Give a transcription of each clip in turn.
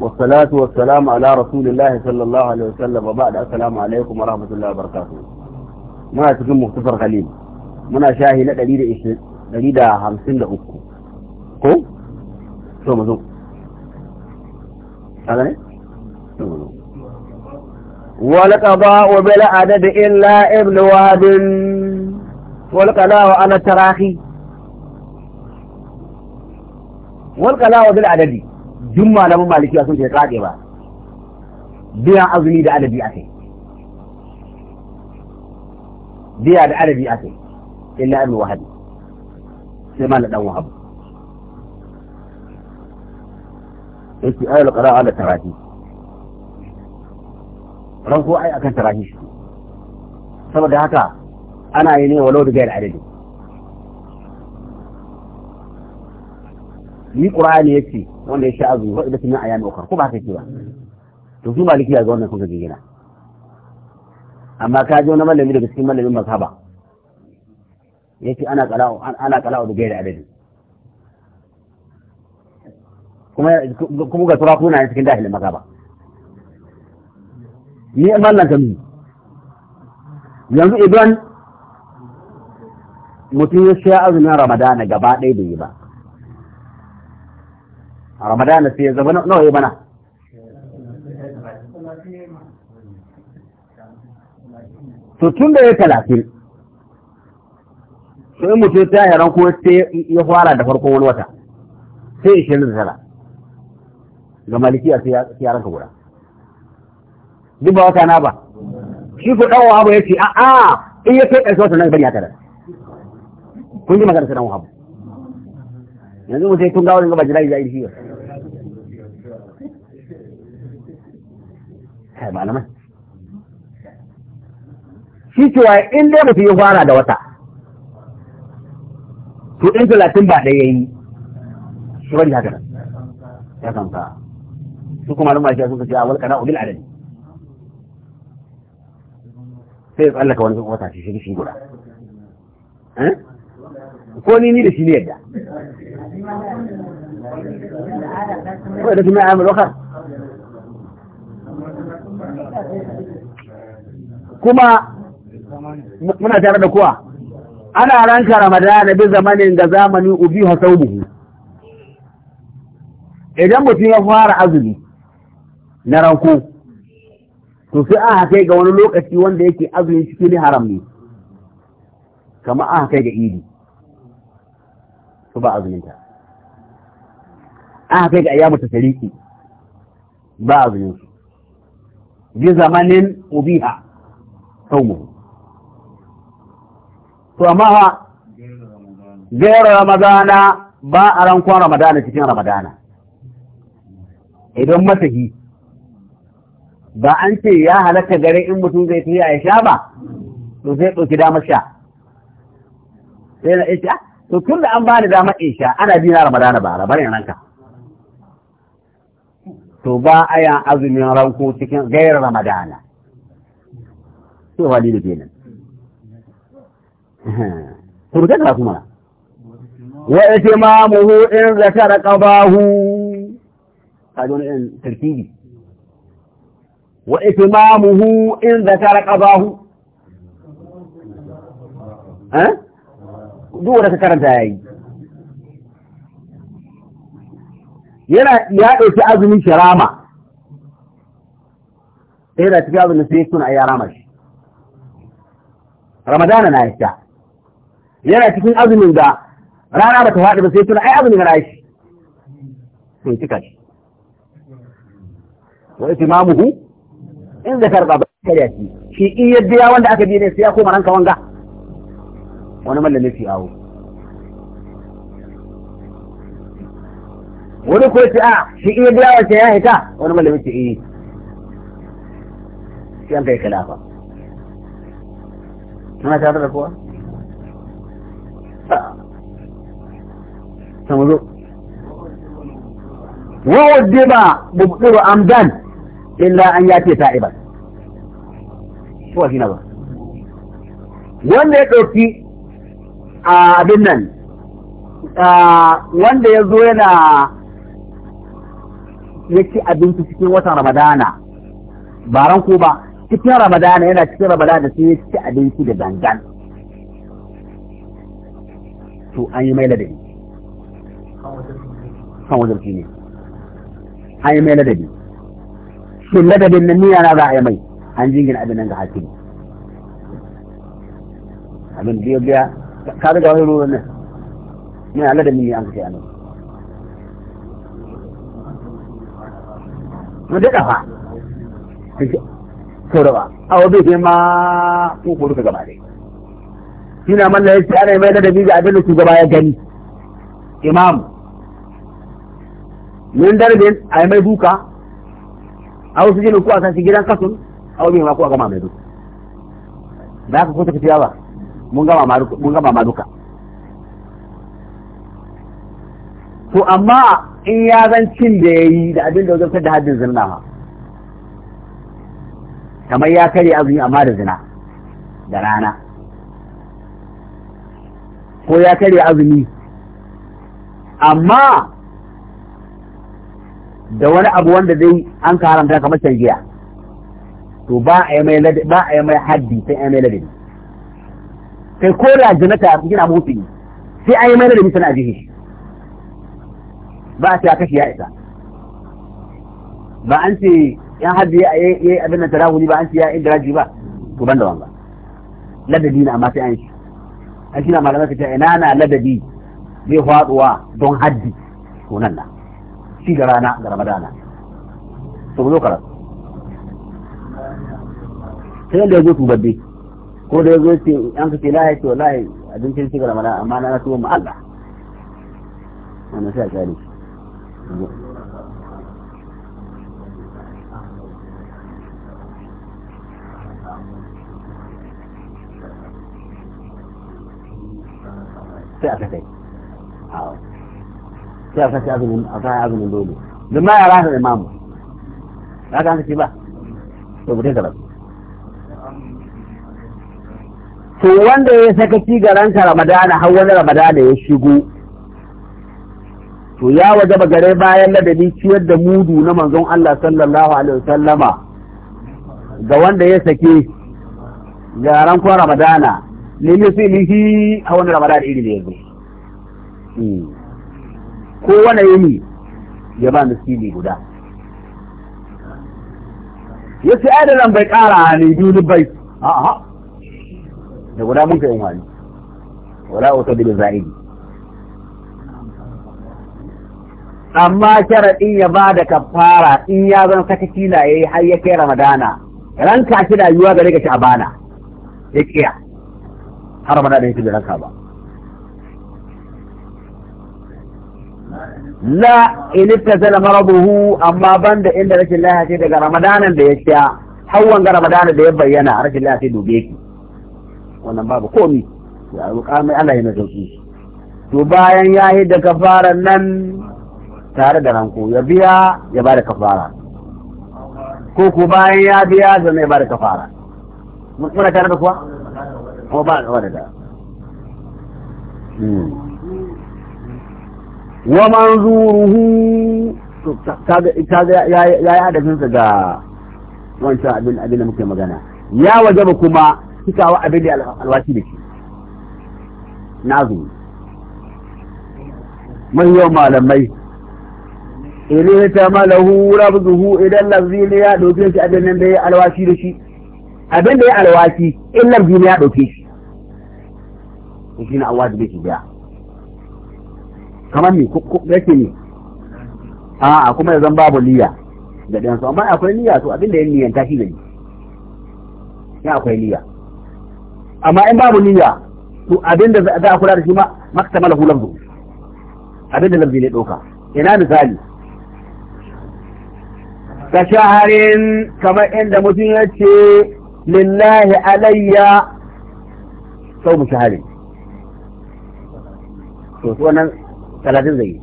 والصلاة والسلام على رسول الله صلى الله عليه وسلم وبعد السلام عليكم ورحمة الله وبركاته ما تكون مختصر قليل muna شاهي na ɗari da hamsin da كو؟ شو so mu zo haka ne? so بلا عدد إلا ابن واد ولقضاء على التراخي ولقضاء بلا عدد duk malaman malikiya sun ce tsade ba biyan azumi da adabi a kai biya da adabi a kai illa ibn wahabi sai ma dan wahab yake ayar qira'a da tarahi ranko ai akan tarahi saboda haka ana yi ne walau da gairi adadi ni qur'ani yace wanda ya sha azumi wa idatu min ayami ukhra ko ba haka yake ba to su maliki ya ga wannan kuka gina amma ka ji wani malami daga cikin malamin mazhaba yace ana qala'u ana qala'u da gaira adadi kuma kuma ga tura kuna cikin dahilin mazhaba ni mallan kami yanzu idan mutum ya sha azumin ramadana gaba ɗaya bai yi ba A ramadana sai ya zama nawa ya mana to tun da ya talatin sai mutum ta yaran ko sai ya fara da farkon wani wata sai ishirin da tara ga malikiya sai ya ranka guda duk ba wata na ba shi ko ɗan wahabu ya ce a'a in ya kai ƙarshe wata nan bari ya tara kun ji magana su ɗan wahabu yanzu mutum tun gawar gaba jira'i ya yi shi yau kai malaman shi ce wa in dai mutum ya fara da wata to in talatin ba ɗaya yi shi bari haka nan ya kamta su kuma malaman shi suka ce a walƙana ubil adadi sai ya tsallaka wani wata shi shi shi guda eh? ko ni ni da shi ne yadda ko da kuma ya amurka kuma muna tare da kuwa ana ranka ramadana bi zamanin da zamanin ubi hasaubuhu idan mutum ya fara azumi na ranko to sai aka kai ga wani lokaci wanda yake azumin cikin haram ne kamar aka kai ga idi su ba azuminta aka kai ga ayyamu ta tariki ba azuminsu bi zamanin ubiha saumuhu to amma gairar ramadana ba a rankon ramadana cikin ramadana idan masahi ba an ce ya halatta gare in mutum zai tuya ya sha ba to sai ɗauki damar sha sai na isha to tun da an bani damar isha ana dina ramadana ba labarin ranka to ba a yan azumin ranko cikin gairar ramadana غالي لدينا فرجت لكم وإتمامه إن ذكر قضاه هذا إن ترتيبي وإتمامه إن ذكر قضاه ها أه؟ دورة كرنتا يي yana ya ɗauki azumin shirama sai da cikin azumin sai suna ya rama ramadana na ya sha yana cikin azumin da rana ba ta faɗi ba sai tuna ai azumin na shi sai cika shi wa itimamuhu in karɓa ba yi shi shi in ya biya wanda aka biya ne sai ya koma ranka wanga wani ya fi awo wani ko ce a ah, shi in ya biya wanda ya hita wani ya ce eh sai an kai kalafa kana tare da kowa samu zo wawadde ba mubdiru amdan illa an yace ta'iban kowa shi na ba wanda ya ɗauki a abin nan wanda ya zo yana ya ci abinci cikin watan ramadana ba ranko ba cikin ramadana yana cikin ramadana sai ya ci abinci da gangan to an yi mai ladabi kan wajarki ne an yi mai ladabi shin ladabin nan niyya na za a yi mai an jingina abin nan ga hakimi abin biyo biya ka daga wani ruwan nan ne a ladabin ne an kashe anan mu daɗa fa sau da ba a wabe sai ma ko ko duka gaba dai shi na manna ya ce ana mai da dabi da abin da shugaba ya gani imam min darbin a yi mai buka a wasu jini ko a shi gidan kasun a wabe ma ko a gama mai duka da haka ko ta fitiya ba mun gama ma duka to amma in ya zan cin da ya yi da abin da wajen da haddin zinna ma kamar ya karya azumi amma da zina da rana ko ya karya azumi amma da wani abu wanda zai an karanta kamar shan giya to ba a yi mai ba a yi mai haddi sai a yi mai ladabi kai ko da jinata gina mutu sai a yi mai ladabi sana jihi ba a ce a kashi ya isa ba an ce in hajji ya yi abin nan tarawuli ba an siya inda raji ba to ban da wanga ladabi na amma sai an shi an shi na malamai ka ce ina na ladabi zai faduwa don haddi to nan na shi ga rana ga ramadana to zo karatu sai da ya zo tubabbe ko da ya zo ce an ka ce lahi ce wallahi abincin shi ga ramadana amma na tuba mu Allah wannan sai a kare sai a sai a a dole ya rasa ka ba to to wanda ya saka ga ramadana har wani ramadana ya shigo to ya waje gare bayan ladabi ciyar da mudu na manzon Allah sallallahu alaihi ga wanda ya sake ga ko ramadana limisilihi a wani ramadan iri da yanzu ko na yini ya ba misili guda ya ce adalan bai kara ne biyu bai a'a da guda mun kai wani wala wata bil za'idi amma in ya ba da kafara in ya zan saka kila yayi har ya kai ramadana ranka shi da yuwa gare ka shi abana ya kiya har mana da yake da ranka ba la in ittazala maraduhu amma banda inda rashin lafiya ce daga ramadanan da ya sha hawan ga ramadanan da ya bayyana rashin lafiya sai dube ki wannan babu komi ya roƙa mai Allah ya nazarci to bayan ya yi da kafaran nan tare da ranko ya biya ya bada kafara ko ko bayan ya biya zai mai bada kafara mun tsara tare da kuwa ko ba a da da hmm. wa manzuruhu kaga ya yi adafinsa ga wancan abin abin da muke magana ya wajaba kuma cikawa abin da alwashi da shi nazu man yau malamai idan ta malahu rabzuhu idan lafzi ne ya dauke shi abin nan da ya alwashi da shi abin da ya alwashi in lafzi ne ya dauke shi shi na wajibi shi biya kamar ni yake ni a'a kuma yanzu babu niyya da ɗan su amma akwai niyya to abinda ya ta shi gani ya akwai niyya amma in babu niyya to abinda za a kula da shi ma maktamala lahu lafzu abinda lafzi ne doka ina misali ka shaharin kamar inda mutum ya ce lillahi alayya sau mu shaharin to su wannan talatin zai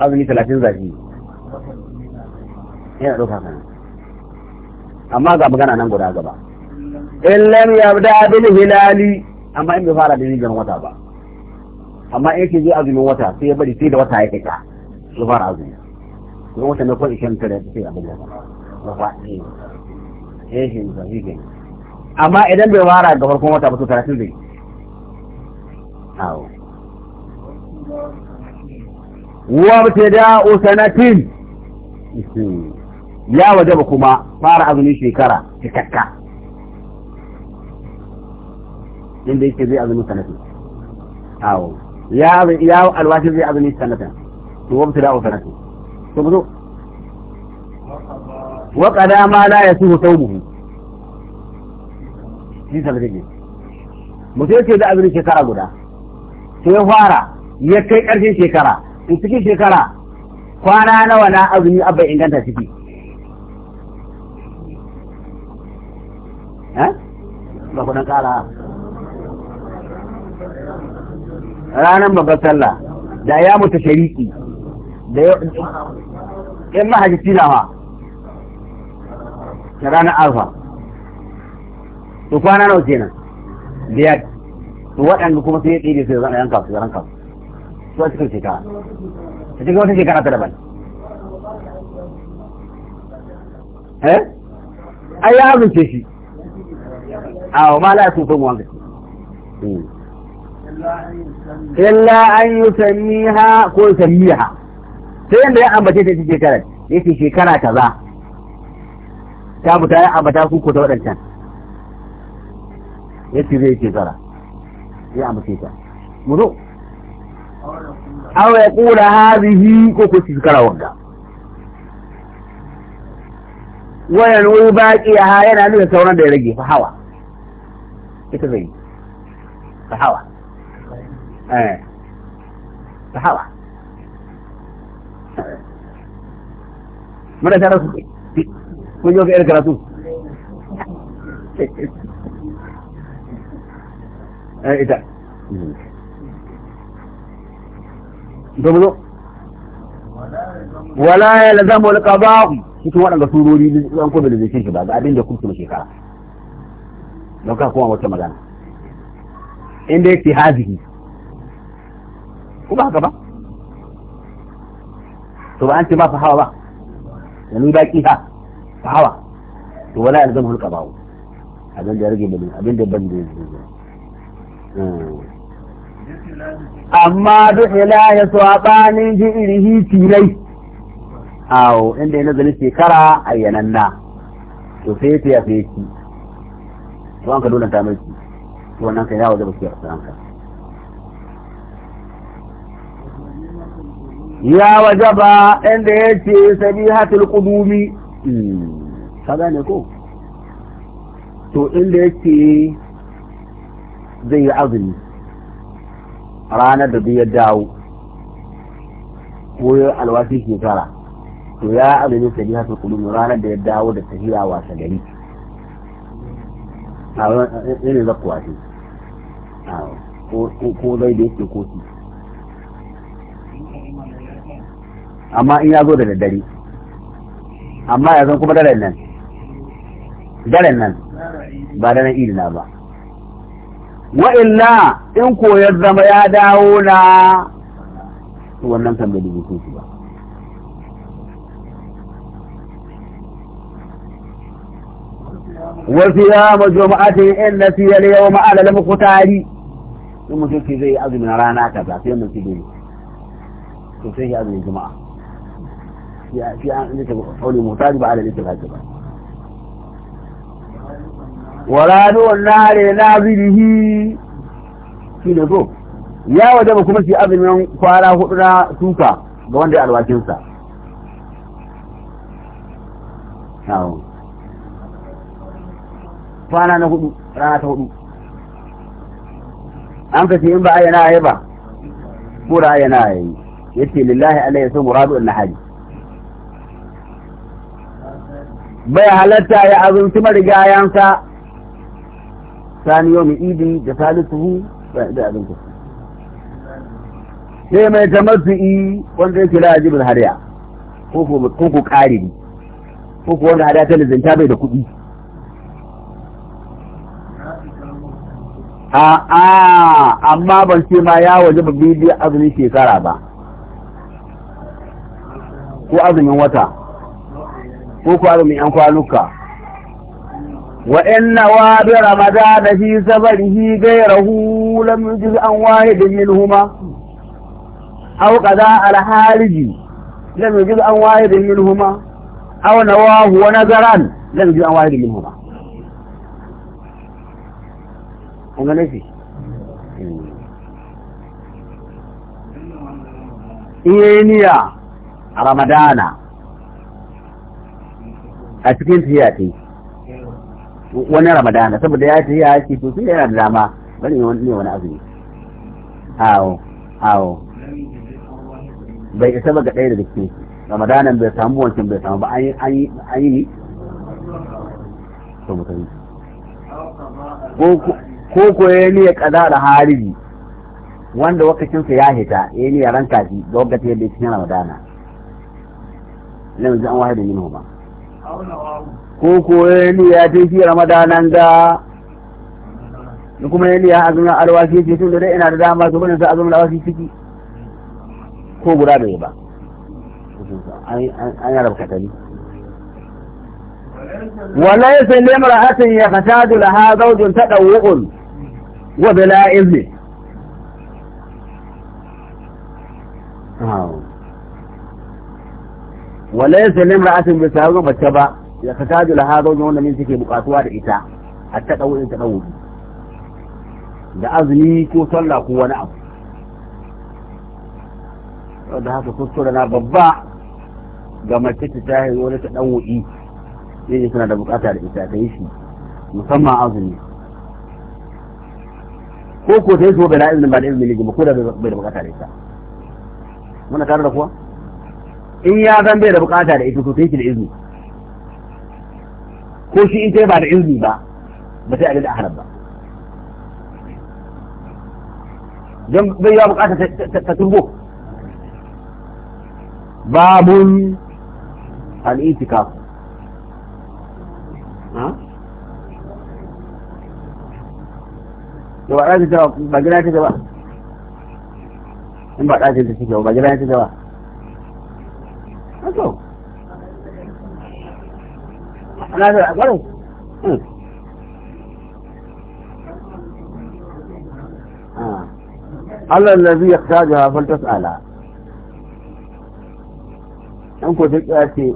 azumi talatin zai yi. yana ɗauka kan amma ga magana nan guda gaba in lam yabda bil hilali amma in bai fara da rigar wata ba amma in yake zai azumin wata sai ya bari sai da wata ya fita ya fara azumi don wata na kwan ishirin tare da sai abin da ba ba eh shi zai ke amma idan bai fara ga farkon wata ba to talatin zai yi, awo wabtada sanatin ya wajaba kuma fara azumin shekara inda yake zai sanatin ya alwashin zai azumin sanatin to wabta sanatin to mu wa qada ma la shi sanatin da shekara guda sai fara ya kai karshen shekara in cikin shekara kwana nawa na azumi abba inganta ciki eh? ba ku dan kara ranar babbar sallah da ya mutu shariki da ya in mahaji tilawa da ranar alfa to kwana nawa kenan biyar to waɗanda kuma sai ya tsere sai zana yanka su yanka su. zuwa cikin shekara ta cikin wata shekara ta daban eh ai ya amince shi a ma la yasu sun wanda hmm. illa an yi samiha ko samiha sai yadda ya ambace ta cikin shekara ya ce shekara kaza ta buta ya ambata ku ko ta waɗancan ya ce zai shekara ya ambace ta mu zo aw ya kula hadhihi ko ku ci kara wanda wayan wai baki ha yana nuna sauran da ya rage fa hawa ita zai fa hawa eh fa hawa mara tara su ko yo ga karatu eh ita hmm. domin wala ya lazamu alqada'u cikin waɗanda surori da an ko da zai shi ba ga abin da kuke shekara don ka kuma wata magana inda yake hazihi kuma haka ba to ba an ce ba fa hawa ba yanzu baki ha fa hawa to wala ya lazamu alqada'u abin da ya rage abin da ban da zai amma duk ya so a ɓanin ji'irihi tirai awo inda ya zane shekara a yananna. to sai ya fiya fiye ci to an ka dole ta mai to wannan kai yawo waje ba shi a an ya waje ba inda ya ce sabi hatul kudumi hmm, ka gane ko to inda ya ce zai yi azumi ranar da ya dawo ko yau alwashi shekara to ya ne sahiha ta kudu ranar da ya dawo da sahiha wasa gari a wani zakuwa ce ko zai da yake ko amma in ya zo da daddare amma ya zan kuma daren nan daren nan ba daren idina ba wa illa in koyar zama ya dawo na wannan kan bai ba wasu ya in na fiye da in mutum ke zai azumin rana ka za su to sai ya azumin ya fi an nita mutari ba ba wa ranuwan nare na zirihi shi ne so ya waje ba kuma shi azumin kwana hudu na suka ga wanda ya alwakinsa kwana na hudu rana ta hudu an kashe in ba a yana ya ba ko da a yana ya yi ya ce lillahi alayhi sun muradu na hajji bai halatta ya azumci marigayansa sani yau idi da salisuhu da sai mai tamattu'i wanda yake la ajibul hariya ko ko ƙari ko ko wanda hada ta lizinta bai da kuɗi a amma ban ce ma ya waje ba bidiyar azumin shekara ba ko azumin wata ko ko azumin yan kwanuka وإن وابر مدان في سفره غيره لم يجز عن واحد منهما أو قضاء الحالج لم يجز عن واحد منهما أو نواه ونذرا لم يجز عن واحد منهما أنا ليش إينيا رمضان أتكين فياتي wani ramadana saboda ya ce ya ce to sai yana da dama bari ne wani ne awo awo bai isa ba ga ɗaya da dake ramadanan bai samu wancan bai samu ba an yi an yi to mutane ko ko ya ne ya kaza da hariji wanda sa ya hita ya ne ya ranka shi ga wakacin yadda ya cikin ramadana na ji an da yin ba ko ko ya ta shi ramadanan ga ni kuma ya liya azumin alwashi ce tun da dai ina da dama to bane sa azumin alwashi ciki ko guda bai ba an yi rabka tani wallahi ya ne mara hatin ya kashadu laha zaujin ta ɗauwa'un wa bila izni wala ya sai mara hatin bai sa mace ba ya la hazo ne wanda min suke bukatuwa da ita a ta dawo ta dawo da azumi ko sallah ko wani abu da haka kuskure na babba ga mace ta tahi wani ta dawo i ne suna da bukata da ita ta yi shi musamman azumi ko ko sai so da ilmin ba da ilmin ligima ko da bai da bukata da ita muna tare da kuwa in ya zan bai da bukata da ita to sai shi da izini ko shi in kai ba da izini ba ba sai a da haram ba don bai yawa bukata ta turbo babun al'itika ba ba ɗaci ta ba gina ta ba in ba ɗaci ta ba gina ta ba lafiya a ƙwarai Allah lazi ya ta jawa faltas ala ɗan ko ta ƙiya ce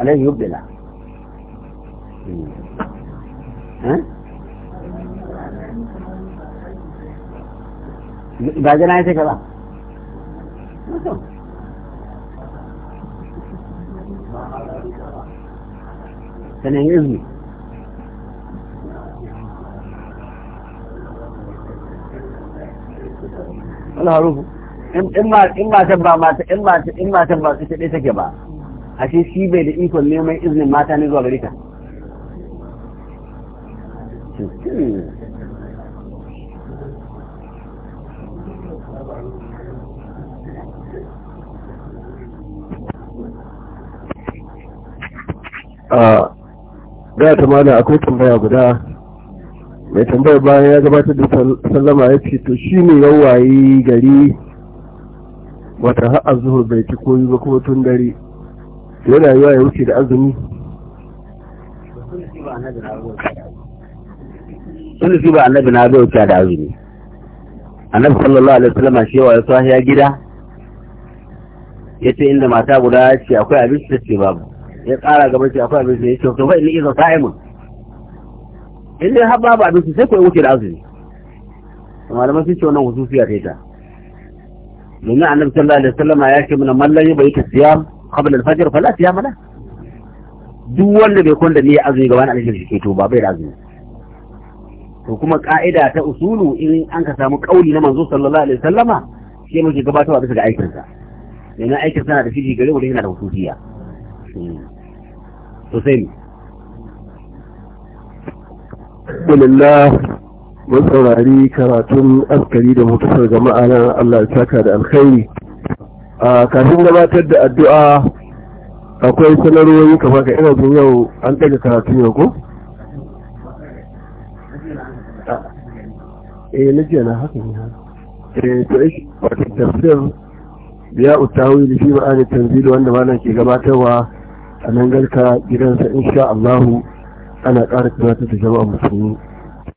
alaihi yubdila hmm. eh? ba jana ya ce ka ba ta izini alharufu in matan ba mata in matan ba su kaɗai take ba shi bai da ikon neman izinin mata ne zuwa hmm. uh da ta mana akwai tambaya guda mai tambayar bayan ya gabatar da sallama ya ce to shi ne yawaye gari wata har zuhur bai ci koyi ba kuma tun dare yana yawa ya wuce da azumi sun su ba annabi na bai wuce da azumi annabi sallallahu alaihi wasallam shi yawa ya sahiya gida ya ce inda mata guda ya ce akwai abinci ta ce babu ya ƙara gaban shi akwai abinci ya cewa, to bai ni izo sa'imun in dai har babu abinci sai kuwa wuce da azumi malaman sun ce wannan hususiya ta ita domin annabi sallallahu alaihi wasallam ya ce mana man lan yubayka siyam qabla al-fajr fala siya mana. duk wanda bai kwanda ne azumi gaban alheri shi ke to ba bai da azumi to kuma ka'ida ta usulu in an ka samu kauli na manzo sallallahu alaihi wasallama sai muke gabatarwa bisa ga aikinsa domin aikinsa na da fiji gare mu yana da hususiya hmm. Husaini Alhamdulillah mun saurari karatun askari da mutasar jama'a na Allah ya saka da alkhairi a kafin gabatar da addu'a akwai sanarwoyi kamar ka ina jin yau an daga karatun yau eh na jiya na haka ne to eh wato tafsir biya utawi da shi ma'ani tanzilu wanda malam ke gabatarwa a nan garka gidansa insha Allahu ana ƙara tunatar da jama'a musulmi